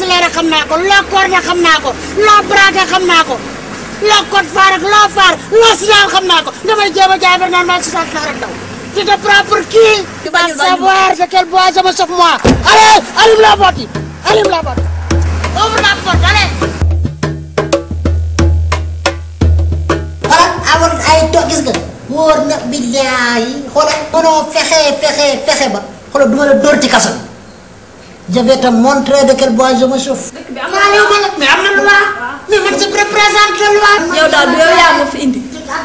accéléré xam naa xam naa ko loo braqué xam naa ko loo code phare ak loo phare loo signal xam naa ko damay jéem a ba naan maa si saa xaar ak daw. tu te prends pour qui. tu vas savoir de quel bois je me chauffe moi. la boîte yi allume la la porte allez. xoolal amoon je vais te montrer de quel bois je me chauffe. dëkk bi am na loi mais am na loi. mais man je représente la loi. yow daal yow yaa ma fi indi.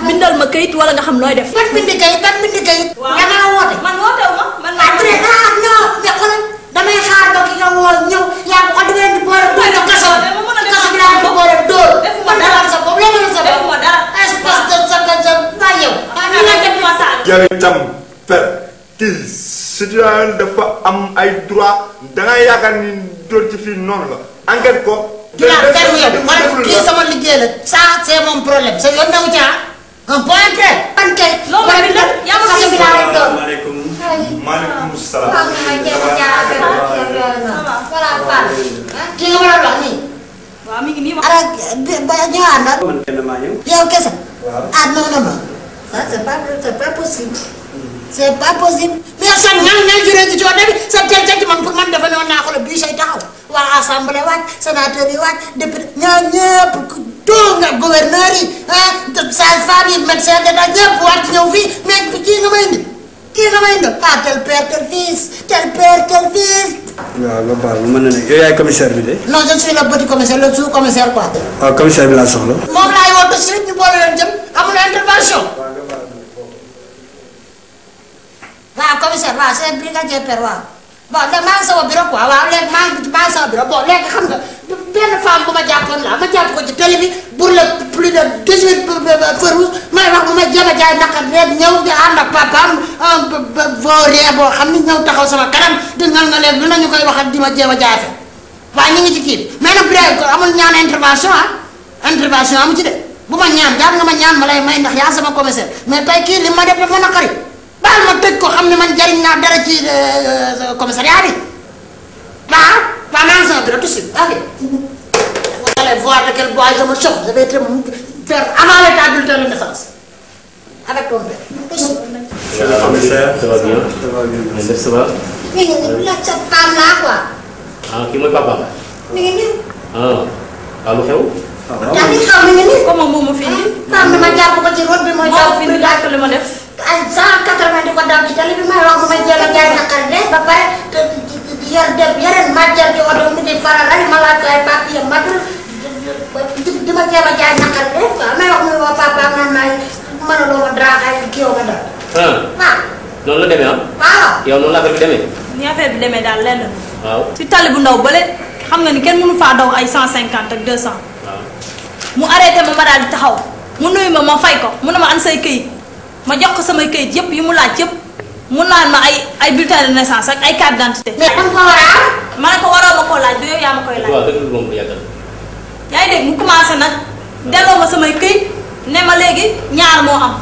bindal ma kayit wala nga xam nooy def. man bindi kayit man bindi kayit. waaw nga naa woote. man wootewu ma man laa après ah non mais xoolal damay xaar ba ki nga woo ñëw yaa ko xam da ngeen di boole bu ñu kaso. kaso bi laa ko boole dóor. man dara sa bopp loolu la sa bopp. espèce de sa sa sa yow. yaa ngi tam per tis. citoyen dafa am ay droit da nga yaakaar ni doon ci fii noonu la enquête ko. te kii sama liggéey la ça c'est mon problème sa yoon nawu caa ah. un point très. enquête loolu la la yow ma gis nga la doon maaleykum maaleykum salaam. waaw ah, kii nga ma doon wax nii. waaw mi ngi nii ma. ala ba ñëwaat na. man kenn maa ñëw. yow kese. waaw ah non non non. ça c'est pas c'est pas possible. Mm-hmm. c'est pas possible. yow sa ngal ngay juree ci coono bi sa teel ci man pour man dafa ne woon naa ko la bii say taxaw waa assemblée waaj sénateur yi waaj député ñoo ñëpp tout nga gouverneur yi ah sage-femme yi médecin d'état ñëpp waaj ñëw fii mais kii nga may indi kii nga may indi ah tel père tel fils tel père tel fils. waaw nga baal ma mën na ne yow yaay commissaire bi de. non je suis le petit commissaire le sous commissaire quoi. waaw ah, commissaire bi laa soxla. moom laay woote si ñu boole leen jëm amul intervention. concert waaw c'est brigadier père waaw bon nag maa ngi sama bureau quoi waaw léegi maa ngi maa ngi sama bureau bon léegi xam nga benn femme bu ma jàppoon la ma jàpp ko ci télé bi pour le plus de 18 feu rouge may wax mu may jéem a jaay naqar léegi ñëw di ànd ak papaam vaurien boo xam ni ñëw taxaw sama kanam di ngal nga leen lu nañu koy wax ak di ma jéem a jaay fa waaye ñu ngi ci kii bi mais nag brève ko amul ñaan intervention ah intervention amu ci de bu ma ñaan daal nga ma ñaan ma lay may ndax yaa sama commissaire mais tey kii li ma def dafa naqari baal ma tëj ko xam ne man jariñ naa dara ci euh, euh, commissariat bi ah pas dans un bureau tout de suite allez vous allez voir de quel bois je me chauffe je vais te faire avant l'état bulletin de naissance avec ton père. monsieur le commissaire ça va bien. ça va bien merci ça va. mais la ca femme là quoi. ah kii mooy papa. mi ngi nii. ah waaw lu xew. ah waaw yaa ngi xaw mi ngi nii. comme moom moo ma fi indi. femme bi ma jàpp ko ci route bi ma jàpp. moo fi indi li ma def. ay cent quatre-vingt di ko bi may wax bu may jéem a jaay naqari de ba pare yor dem a jaay naqari de waaw may wax noonu ah. la demee ah. waaw yow noonu la bi demee. daal lenn. waaw ci tali bu ndaw bële xam na ni kenn mënu faa daw ay cent cinquante ak deux cent. mu arrêté ma ma daal taxaw mu nuyu ma ma fay ko mu ne ma an say këyit. ma jox ko samay kayit yëpp yi mu laaj yëpp mu naan ma ay ay bulletin de naissance ay carte d'identité. mais war ma ne ko waroo ma koo laaj du yow yaa ma koy laaj. waaw moom yàggal. yaa ngi dégg mu commencé nag delloo ma samay këyit ne ma léegi ñaar moo am.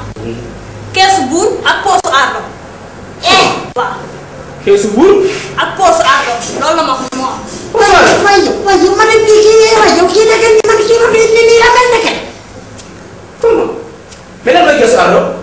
keesu buur ak poosu aardo. waaw. keesu ma ko moo am. ma ne kii ne keesu aardo.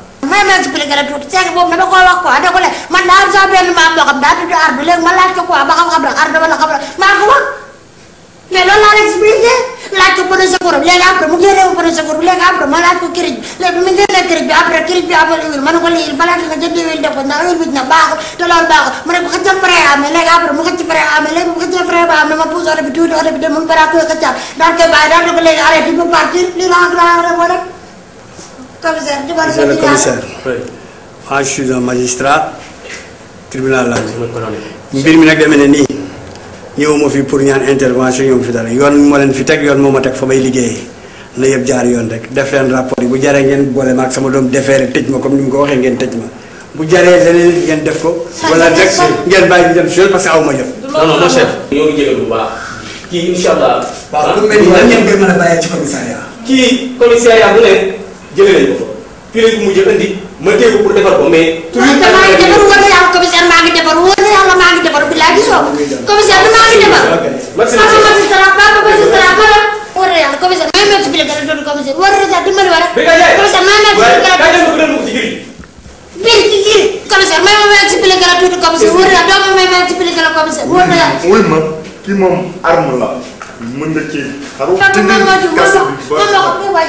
ma expliqué la tuuti ceeb boobu dama koo wax quoi da ko le man daa am sama benn maam boo xam daa tudd ardu léegi ma laaj ko ba xam-xam rek ardu wala xam ma laaj ko kirij bi léegi bi ma ne ko lii il fallait nga jënd huile def ko ndax ma pousse oto bi tuuti oto bi dem commissaire du Monsieur le commissaire. ah je suis un magistrat. tribunal laa mbir mi nag demee ne nii. ñëwuma fi pour ñaan intervention ñëw fi dara yoon moo leen fi teg yoon moo ma teg fa may liggéeyee na yëpp jaar yoon rek def leen rapport yi bu jaree ngeen boole ma ak sama doom defeere tëj ma comme ni mu ko waxee ngeen tëj ma bu jaree leneen ngeen def ko. wala rek ngeen bàyyi ñu dem parce que aw jot. non non mon chef. ñoo ngi jëlee bu baax. kii incha ah. a bàyyee ci commissariat. kii commissariat jëlee nañ ko fa fii lañ ko mujjee andi ma téye ko pour defar ko mais. toujours damaa ngi defar wóor na yàlla commissaire maa ngi defar wóor na yàlla maa ngi defar bilaay gisoo commissaire maa ngi defar. papa magistrat papa magistrat papa wóor na yàlla commissaire maa ngi expliqué la doon commissaire wóor na yàlla dimbali war a. commissaire maa ngi expliqué la commissaire may ma ma expliqué la tuuti commissaire wóor na yàlla doo ma may ma expliqué la commissaire wóor na yàlla. wuy ma kii moom arme la. mën na cee. xaw ma tënkee kàddu gi bu baax a baax man man man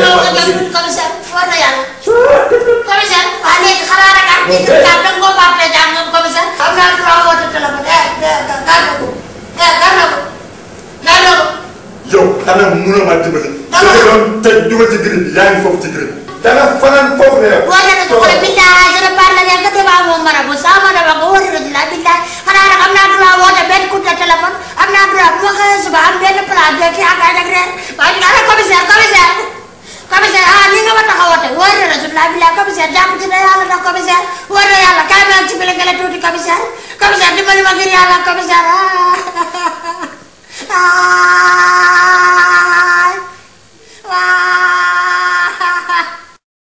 man commissaire war na yàlla commissaire waa léegi xanaa rek dana mun a maa dimbali. dana doon teg dugal ci grippe bi yaa ngi foofu ci grippe bi. dana fanaan foofu la yow. boo demee ci xolam billaay je ne parle rien que devant mon marabout sama marabout nga woote rajo laa billaay xanaa nag am naa droit woote benn coup de téléphone am naa droit bu ma xëyee suba am benn plat de kii ak ak reer waaye ñu naan commissaire commissaire commissaire ah nii nga ma tax a woote woote rajo laa billaay commissaire jàpp ci ne yàlla ndax commissaire.